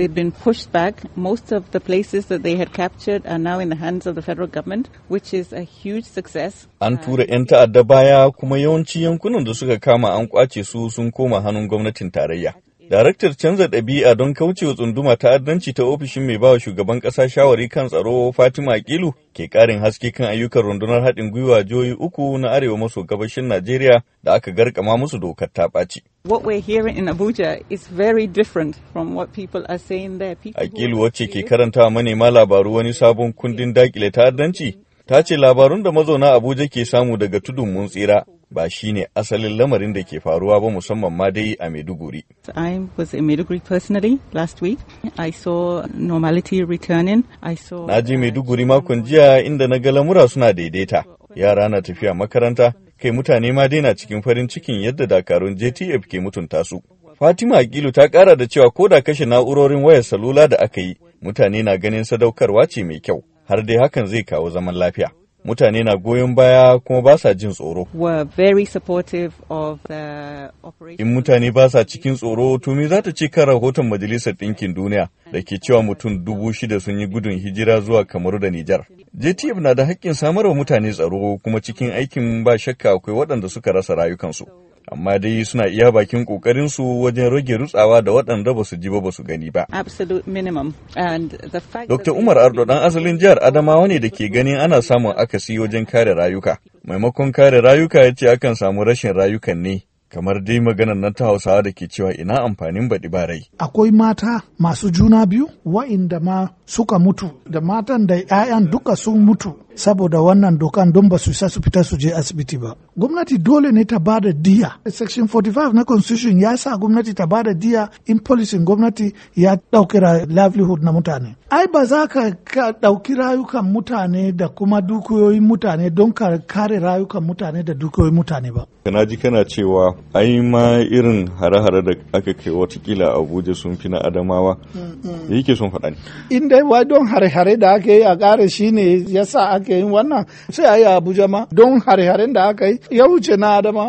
they have been pushed back. Most of the places that they had captured are now in the hands of the federal government, which is a huge success. An uh, tura 'yan ta'adda baya kuma yawanci yankunan da suka kama an kwace su sun koma hannun gwamnatin tarayya. Daraktar canza ɗabi'a don kaucewa tsunduma ta addanci ta ofishin mai bawa shugaban ƙasa shawari kan tsaro Fatima Akilu ke ƙarin haske kan ayyukan rundunar haɗin gwiwa jihohi uku na arewa maso gabashin Najeriya da aka garkama musu dokar ta ɓaci. What we're hearing in Abuja is very different from what people are saying there. Akilu wacce ke karanta manema labaru wani sabon kundin dakile addanci ta ce labarun da mazauna Abuja ke samu daga tudun mun tsira ba shi ne asalin lamarin da ke faruwa ba musamman ma dai a Maiduguri. I was in Maiduguri personally last week. I saw normality returning. I saw Na je Maiduguri makon jiya inda na ga lamura suna daidaita. Yara na tafiya makaranta, kai mutane ma dai na cikin farin cikin yadda dakarun JTF ke mutunta su. Fatima Aqilu ta ƙara da cewa ko da kashe na'urorin wayar salula da aka yi, mutane na ganin sadaukarwa ce mai kyau, har dai hakan zai kawo zaman lafiya. mutane na goyon baya kuma ba sa jin tsoro. In mutane ba sa cikin tsoro, tumi za ta ci kan rahoton Majalisar Ɗinkin Duniya da ke cewa mutum dubu shida sun yi gudun hijira zuwa Kamaru da Nijar. JTF na da haƙƙin samarwa mutane tsaro kuma cikin aikin ba shakka akwai waɗanda suka rasa rayukansu. amma dai suna iya bakin kokarin su wajen rage rutsawa da waɗanda ba su ji ba ba su gani ba. Dr. Umar Ardo ɗan asalin jihar Adamawa ne da ke ganin ana samun akasi wajen kare rayuka. Maimakon kare rayuka ya ce akan samu rashin rayukan ne. kamar dai maganar na ta hausawa da ke cewa ina amfanin baɗi ba rai? Akwai mata masu juna biyu wa'inda ma suka mutu da matan da 'ya'yan duka sun mutu saboda wannan dokan don ba su su fita su je asibiti ba gwamnati dole ne ta ba da diya section 45 na constitution ya sa gwamnati ta ba da diya in policy gwamnati ya ɗauki livelihood na mutane ai ba za ka ɗauki rayukan mutane da kuma dukiyoyin mutane don ka kare rayukan mutane da dukiyoyin mutane ba kana ji kana cewa ai ma irin hare-hare da aka kai watakila abuja sun fi na adamawa mm, mm. yake sun faɗa ne in dai wai don hare-hare da aka yi a ƙara shine yasa ake ake yin wannan sai a yi abuja ma don hare-haren da aka yi ya wuce na adama